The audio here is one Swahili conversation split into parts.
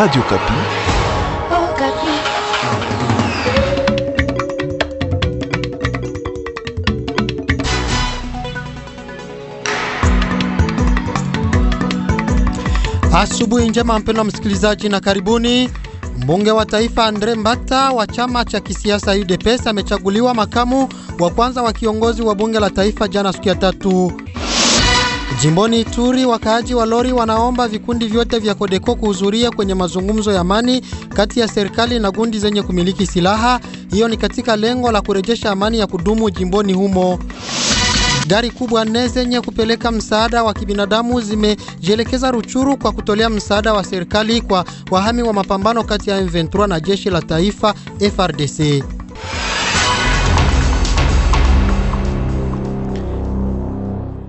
Radio Kapi. Oh, Kapi. Asubuhi njema mpendwa msikilizaji na karibuni. Mbunge wa taifa Andre Mbata wa chama cha kisiasa UDPS amechaguliwa makamu wa kwanza wa kiongozi wa bunge la taifa jana siku ya tatu. Jimboni Ituri, wakaaji wa Lori wanaomba vikundi vyote vya Kodeko kuhudhuria kwenye mazungumzo ya amani kati ya serikali na gundi zenye kumiliki silaha. Hiyo ni katika lengo la kurejesha amani ya kudumu jimboni humo. Gari kubwa nne zenye kupeleka msaada wa kibinadamu zimejielekeza Ruchuru kwa kutolea msaada wa serikali kwa wahami wa mapambano kati ya M23 na jeshi la taifa FRDC.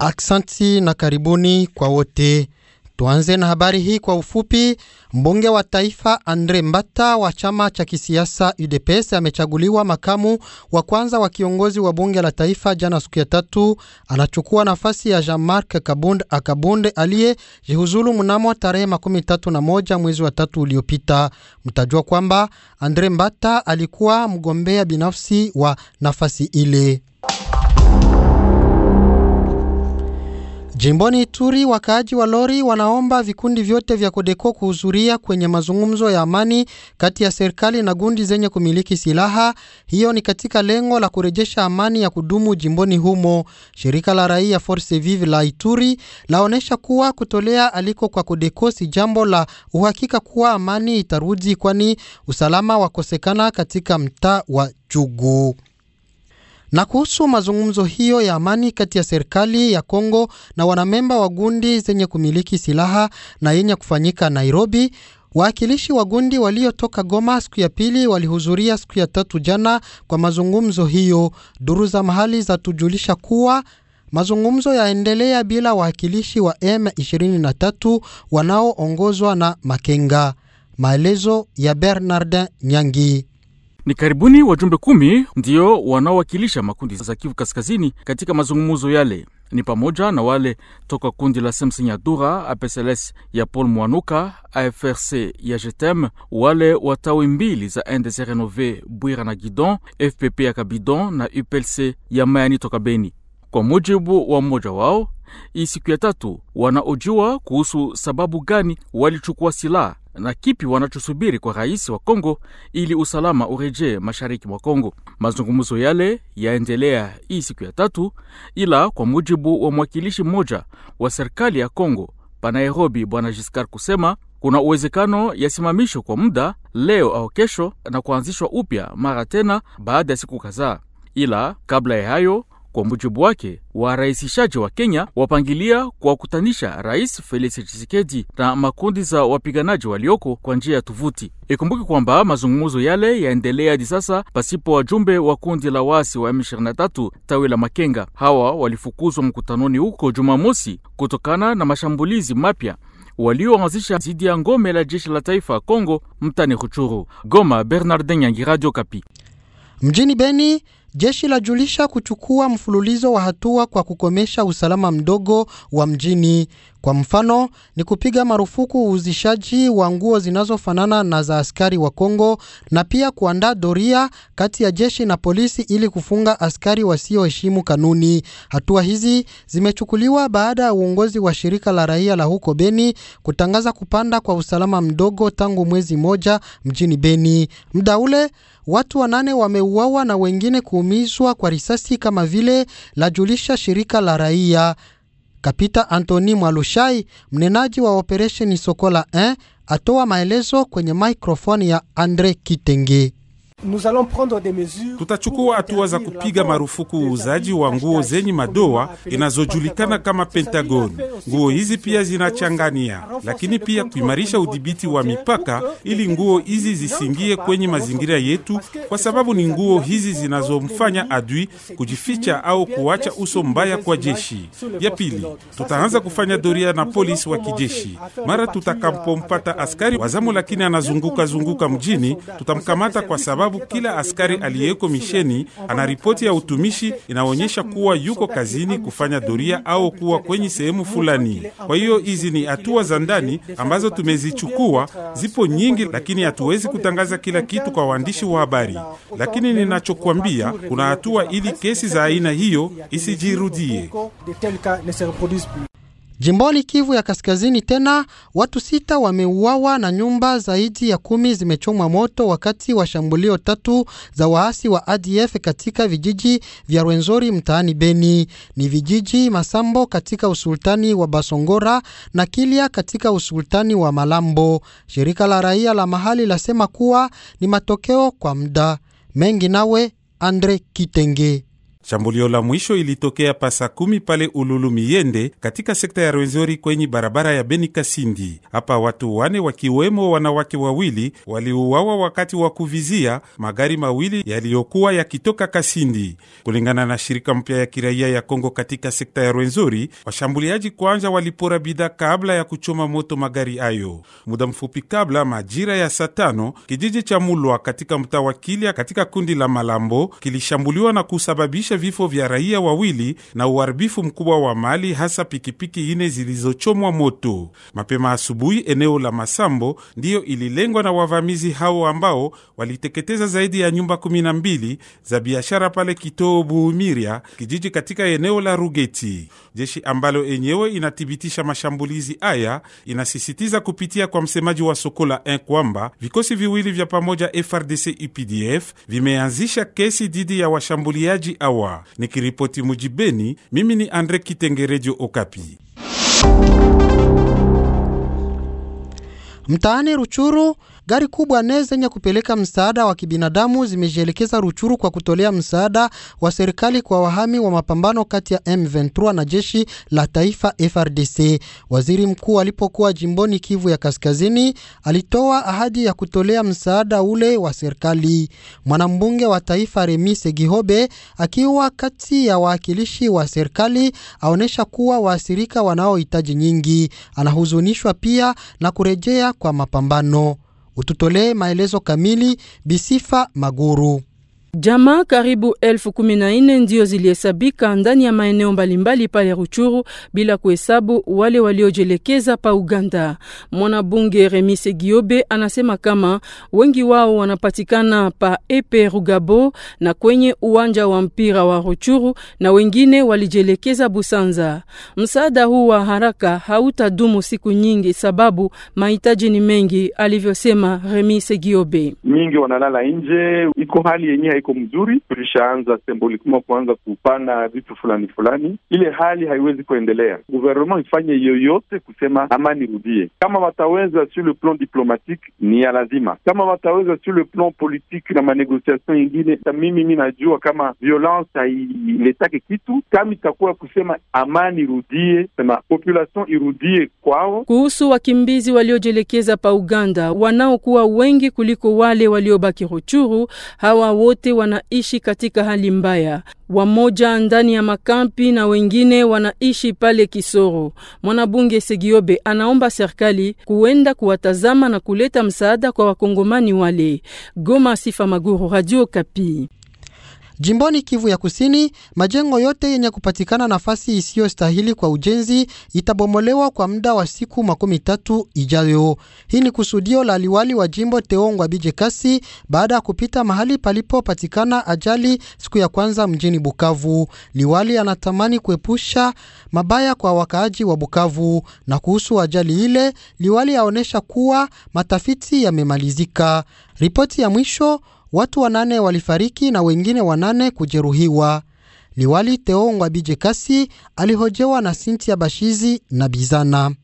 Aksanti na karibuni kwa wote. Tuanze na habari hii kwa ufupi. Mbunge wa taifa Andre Mbata wa chama cha kisiasa UDPS amechaguliwa makamu wa kwanza wa kiongozi wa bunge la taifa jana siku ya tatu. Anachukua nafasi ya Jean-Marc Kabund aliye aliyejihuzulu mnamo tarehe 31 na moja mwezi wa tatu uliopita. Mtajua kwamba Andre Mbata alikuwa mgombea binafsi wa nafasi ile. Jimboni Ituri, wakaaji wa Lori wanaomba vikundi vyote vya Kodeko kuhudhuria kwenye mazungumzo ya amani kati ya serikali na gundi zenye kumiliki silaha. Hiyo ni katika lengo la kurejesha amani ya kudumu jimboni humo. Shirika la raia Force Vive la Ituri laonesha kuwa kutolea aliko kwa Kodeko si jambo la uhakika kuwa amani itarudi, kwani usalama wakosekana katika mtaa wa Jugu. Na kuhusu mazungumzo hiyo ya amani kati ya serikali ya Kongo na wanamemba wa gundi zenye kumiliki silaha na yenye kufanyika Nairobi, Waakilishi wa gundi waliotoka Goma siku ya pili walihudhuria siku ya tatu jana kwa mazungumzo hiyo. Duru za mahali zatujulisha kuwa mazungumzo yaendelea bila waakilishi wa M23 wanaoongozwa na Makenga. Maelezo ya Bernardin Nyangi. Ni karibuni wajumbe kumi ndio wanaowakilisha makundi za Kivu Kaskazini katika mazungumuzo yale ni pamoja na wale toka kundi la Dura, APSLS ya Paul Mwanuka, AFRC ya Jetem, wale wa tawi mbili za NDC Renove Bwira na Gidon, FPP ya Kabidon na UPLC ya Mayani toka Beni. Kwa mujibu wa mmoja wao, hii siku ya tatu wanaojua kuhusu sababu gani walichukua silaha na kipi wanachosubiri kwa rais wa Kongo ili usalama urejee mashariki mwa Kongo. Mazungumzo yale yaendelea hii siku ya tatu, ila kwa mujibu wa mwakilishi mmoja wa serikali ya Kongo pa Nairobi, bwana Giscar kusema kuna uwezekano yasimamishwe kwa muda leo au kesho na kuanzishwa upya mara tena baada ya siku kadhaa, ila kabla ya hayo kwa mujibu wake, warahisishaji wa Kenya wapangilia kuwakutanisha Rais Felix Tshisekedi na makundi za wapiganaji walioko kwa njia ya tuvuti. Ikumbuke kwamba mazungumzo yale yaendelea hadi sasa pasipo wajumbe wa kundi la waasi wa M23 tawi la Makenga. Hawa walifukuzwa mkutanoni huko Jumamosi kutokana na mashambulizi mapya walioanzisha dhidi ya ngome la jeshi la taifa ya Kongo mtani Ruchuru. Goma, Bernardin Nyangi, Radio Kapi mjini Beni. Jeshi la julisha kuchukua mfululizo wa hatua kwa kukomesha usalama mdogo wa mjini. Kwa mfano ni kupiga marufuku uuzishaji wa nguo zinazofanana na za askari wa Kongo na pia kuandaa doria kati ya jeshi na polisi ili kufunga askari wasioheshimu kanuni. Hatua hizi zimechukuliwa baada ya uongozi wa shirika la raia la huko Beni kutangaza kupanda kwa usalama mdogo tangu mwezi moja mjini Beni. Muda ule watu wanane wameuawa na wengine kuumizwa kwa risasi kama vile lajulisha shirika la raia. Kapita Antoni Mwalushai, mnenaji wa operesheni Sokola 1 atoa maelezo kwenye mikrofoni ya Andre Kitenge. Tutachukua hatua za kupiga marufuku uuzaji wa nguo zenye madoa inazojulikana kama pentagon Nguo hizi pia zinachangania, lakini pia kuimarisha udhibiti wa mipaka ili nguo hizi zisingie kwenye mazingira yetu, kwa sababu ni nguo hizi zinazomfanya adui kujificha au kuacha uso mbaya kwa jeshi. Ya pili, tutaanza kufanya doria na polisi wa kijeshi. Mara tutakapompata euh, askari wazamu lakini anazunguka zunguka mjini, tutamkamata kwa sababu sababu kila askari aliyeko misheni ana ripoti ya utumishi inaonyesha kuwa yuko kazini kufanya doria au kuwa kwenye sehemu fulani. Kwa hiyo hizi ni hatua za ndani ambazo tumezichukua, zipo nyingi, lakini hatuwezi kutangaza kila kitu kwa waandishi wa habari, lakini ninachokwambia kuna hatua ili kesi za aina hiyo isijirudie. Jimboni Kivu ya Kaskazini tena watu sita wameuawa na nyumba zaidi ya kumi zimechomwa moto wakati wa shambulio tatu za waasi wa ADF katika vijiji vya Rwenzori mtaani Beni. Ni vijiji Masambo katika usultani wa Basongora na Kilia katika usultani wa Malambo. Shirika la raia la mahali lasema kuwa ni matokeo kwa muda mengi. Nawe Andre Kitenge. Shambulio la mwisho ilitokea pasa kumi pale Ululu Miyende katika sekta ya Rwenzori kwenye barabara ya Beni Kasindi. Hapa watu wane wakiwemo wanawake wawili waliuawa wakati wa kuvizia magari mawili yaliyokuwa yakitoka Kasindi, kulingana na shirika mpya ya kiraia ya Kongo katika sekta ya Rwenzori. Washambuliaji kwanza walipora bidhaa kabla ya kuchoma moto magari hayo. Muda mfupi kabla, majira ya saa tano, kijiji cha Mulwa katika mtaa wa Kilya katika kundi la Malambo kilishambuliwa na kusababisha vifo vya raia wawili na uharibifu mkubwa wa mali, hasa pikipiki ine zilizochomwa moto. Mapema asubuhi, eneo la Masambo ndiyo ililengwa na wavamizi hao ambao waliteketeza zaidi ya nyumba 12 za biashara pale Kitoo Buumiria, kijiji katika eneo la Rugeti. Jeshi ambalo enyewe inathibitisha mashambulizi haya inasisitiza kupitia kwa msemaji wa Sokola 1 kwamba vikosi viwili vya pamoja FRDC UPDF vimeanzisha kesi dhidi ya washambuliaji awa Nikiripoti mujibeni, mimi ni Andre Kitenge, Redio Okapi. Mtaani Ruchuru, gari kubwa nne zenye kupeleka msaada wa kibinadamu zimejielekeza Ruchuru kwa kutolea msaada wa serikali kwa wahami wa mapambano kati ya M23 na jeshi la taifa FRDC. Waziri mkuu alipokuwa jimboni Kivu ya Kaskazini alitoa ahadi ya kutolea msaada ule wa serikali. Mwanambunge wa taifa Remi Segihobe akiwa kati ya wawakilishi wa serikali aonesha kuwa waathirika wanaohitaji nyingi. Anahuzunishwa pia na kurejea kwa mapambano. Ututolee maelezo kamili. Bisifa Maguru. Jamaa karibu elfu kumi na nne zilihesabika ndani ya maeneo mbalimbali pale Ruchuru, bila kuhesabu wale waliojelekeza pa Uganda. Mwanabunge Remise Giobe anasema kama wengi wao wanapatikana pa Epe Rugabo na kwenye uwanja wa mpira wa Ruchuru na wengine walijelekeza Busanza. Msaada huu wa haraka hautadumu siku nyingi, sababu mahitaji ni mengi, alivyosema Remise Giobe. Mingi wanalala nje, iko hali yenyewe iko mzuri, tulishaanza semboliquement kuanza kupana vitu fulani fulani. Ile hali haiwezi kuendelea, Guvernema ifanye yoyote kusema amani rudie. Kama wataweza sur le plan diplomatique, ni ya lazima. Kama wataweza sur le plan politique na manegociation yingine, mimi mi najua kama violence hailetake kitu. Kama itakuwa kusema amani irudie, sema population irudie kwao. Kuhusu wakimbizi waliojielekeza pa Uganda, wanaokuwa wengi kuliko wale waliobaki Ruchuru, hawa wote wote wanaishi katika hali mbaya, wamoja ndani ya makampi na wengine wanaishi pale Kisoro. Mwanabunge Segiobe anaomba serikali kuenda kuwatazama na kuleta msaada kwa wakongomani wale. Goma, Sifa Maguru, Radio Kapi. Jimboni Kivu ya Kusini, majengo yote yenye kupatikana nafasi isiyostahili kwa ujenzi itabomolewa kwa muda wa siku makumi tatu ijayo. Hii ni kusudio la liwali wa jimbo Teongwa Bije Kasi baada ya kupita mahali palipopatikana ajali siku ya kwanza mjini Bukavu. Liwali anatamani kuepusha mabaya kwa wakaaji wa Bukavu. Na kuhusu ajali ile, liwali aonesha kuwa matafiti yamemalizika. Ripoti ya mwisho watu wanane walifariki na wengine wanane kujeruhiwa. Liwali Teongwa Bijekasi alihojewa na Sintia Bashizi na Bizana.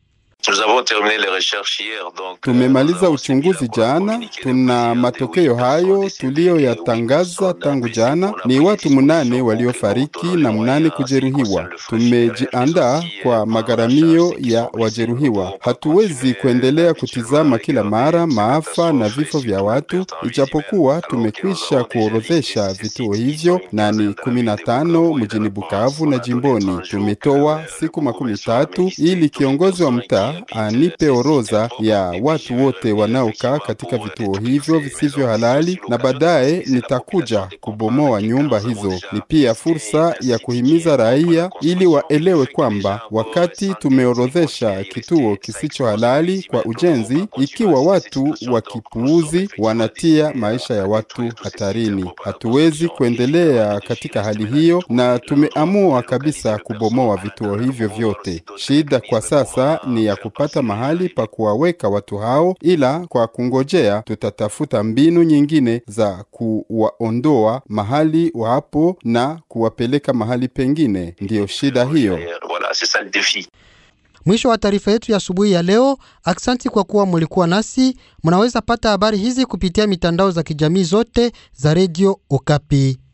Tumemaliza uchunguzi jana, tuna matokeo hayo tuliyoyatangaza tangu jana. Ni watu munane waliofariki na mnane kujeruhiwa. Tumejiandaa kwa magaramio ya wajeruhiwa. Hatuwezi kuendelea kutizama kila mara maafa na vifo vya watu, ijapokuwa tumekwisha kuorodhesha vituo hivyo na ni 15 mjini Bukavu na jimboni. Tumetoa siku makumi tatu ili kiongozi wa mtaa anipe ah, orodha ya watu wote wanaokaa katika vituo hivyo visivyo halali, na baadaye nitakuja kubomoa nyumba hizo. Ni pia fursa ya kuhimiza raia ili waelewe kwamba wakati tumeorodhesha kituo kisicho halali kwa ujenzi, ikiwa watu wakipuuzi, wanatia maisha ya watu hatarini. Hatuwezi kuendelea katika hali hiyo, na tumeamua kabisa kubomoa vituo hivyo vyote. Shida kwa sasa ni ya ya kupata mahali pa kuwaweka watu hao, ila kwa kungojea tutatafuta mbinu nyingine za kuwaondoa mahali wapo na kuwapeleka mahali pengine. Ndiyo shida hiyo. Mwisho wa taarifa yetu ya asubuhi ya leo. Aksanti kwa kuwa mulikuwa nasi. Mnaweza pata habari hizi kupitia mitandao za kijamii zote za redio Okapi.